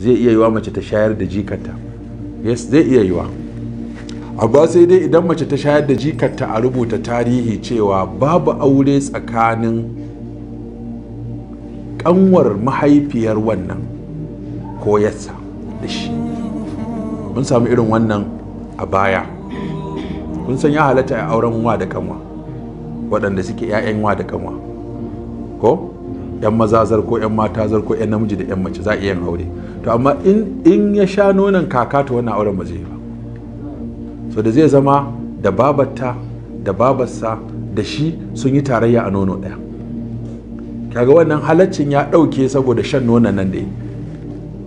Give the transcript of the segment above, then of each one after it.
zai iya yiwa mace ta shayar da jikanta yes zai iya yiwa amma sai dai idan mace ta shayar da jikanta a rubuta tarihi cewa babu aure tsakanin kanwar mahaifiyar wannan ko yasa da shi mun samu irin wannan a baya kun san ya halatta a auren wa da kanwa waɗanda suke 'ya'yan wa da kanwa ko 'yan mazazar ko 'yan matazar ko 'yan namiji da 'yan mace za a iya yin aure to amma in ya sha nonon kaka ta wannan auren ba zai ba so da zai zama da babata, da babarsa da shi sun yi tarayya a nono ɗaya kaga wannan halaccin ya ɗauke saboda shan nonon nan da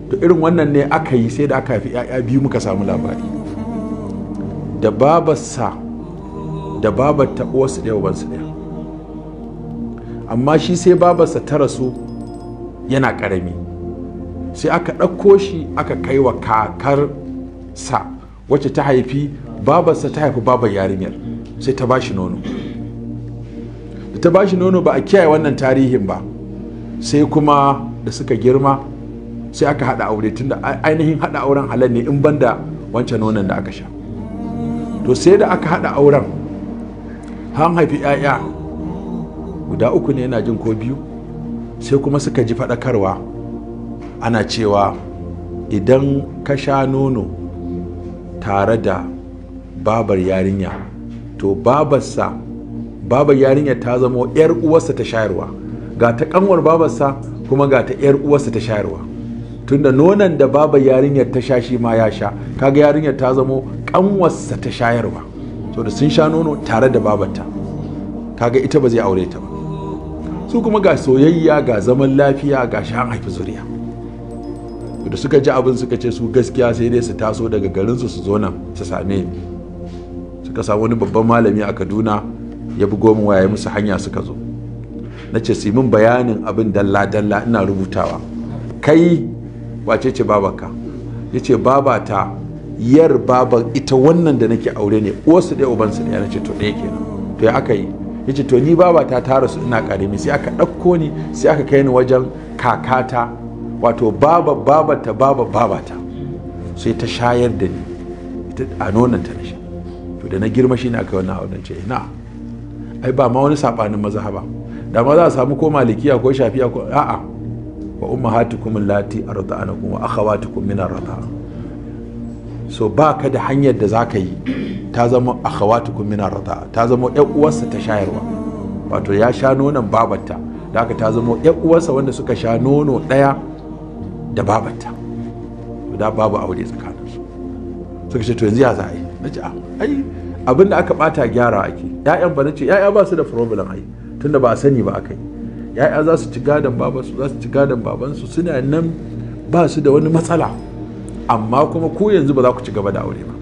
to irin wannan ne aka yi sai da aka fi 'ya'ya biyu muka samu labari da babarsa da babarta uwarsu ɗaya ubansu ɗaya amma shi sai babarsa ta rasu yana ƙarami sai aka ɗauko shi aka kai wa kakar sa wacce ta haifi babarsa ta haifi babar yarinyar sai ta bashi nono da ta bashi nono ba a kiyaye wannan tarihin ba sai kuma da suka girma sai aka haɗa aure tun da ainihin haɗa auren halal ne in banda wancan nonon da aka sha to sai da aka haɗa auren han haifi 'ya'ya guda uku ne yana jin ko biyu sai kuma suka ji faɗakarwa ana cewa idan ka sha nono tare da babar yarinya to babarsa babar yarinya ta zama 'yar uwarsa ta shayarwa ga ta kanwar babarsa kuma ga ta 'yar uwarsa ta shayarwa tunda nonon da babar yarinyar ta sha shi ma ya sha kaga yarinyar ta zamo kanwarsa ta shayarwa To da sun sha nono tare da babarta kaga ita ba zai aure ta ba su kuma ga soyayya ga zaman lafiya ga shan haifi zuriya da suka ji abin suka ce su gaskiya sai dai su taso daga garinsu su zo nan su same ni suka samu wani babban malami a kaduna ya bugo min waye musu hanya suka zo na ce su min bayanin abin dalla-dalla ina rubutawa kai wace ce babanka ya ce babata yar baba ita wannan da nake aure ne wasu dai ubansu ɗaya na ce to ɗaya kenan to ya aka yi ya ce to ni babata ta rasu ina ƙarami sai aka ɗauko ni sai aka kai ni wajen kakata wato baba babata baba babata sai ta shayar da ni a nonanta na to da na girma shi ne aka wannan auren ce ina ai ba ma wani sabanin maza ba da ma za a samu ko malikiya ko shafiya ko a'a wa ummahatukum allati arda'anakum wa akhawatukum min arda'a so ba ka da hanyar da zaka yi ta zama akhawatukum min arda'a ta zama ɗan uwarsa ta shayarwa wato ya sha nonon babarta da aka ta zama ɗan uwarsa wanda suka sha nono ɗaya da babanta da babu aure tsakaninsu suka ce to yanzu ya za yi na ce ah, ai abin da aka bata gyara ake ya'yan ba na ce ya'ya ba su da problem ai tunda ba a sani ba aka yi ya'ya za su ci gadon babansu za su ci gadon babansu suna nan ba su da wani matsala amma kuma ko yanzu ba za ku ci gaba da aure ba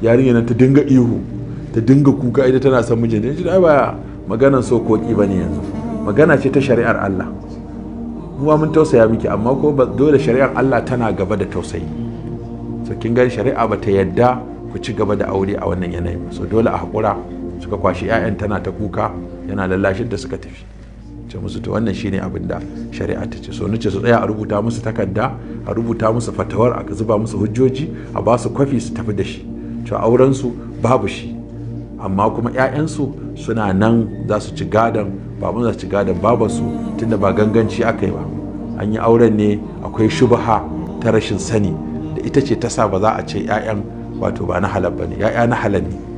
yarinya nan ta dinga ihu ta dinga kuka ita tana son mijinta ne ai ba maganan sokoki ba bane yanzu magana ce ta shari'ar Allah kuma mun tausaya miki amma ko dole shari'ar Allah tana gaba da tausayi so kin gani shari'a ba ta yadda ku ci gaba da aure a wannan yanayi ba so dole a haƙura suka kwashi 'ya'yan tana ta kuka yana lallashin da suka tafi ce musu to wannan shine abin da shari'a ta ce so nace su tsaya a rubuta musu takarda a rubuta musu fatawar a zuba musu hujjoji a ba su kwafi su tafi da shi to auren su babu shi amma kuma 'ya'yansu suna nan za su ci gadon babu za su ci gadon babansu tunda ba ganganci aka ba an yi auren ne akwai shubaha ta rashin sani da ita ce ta sa ba za a ce 'ya'yan wato ba na halal ba ne 'ya'ya na halal ne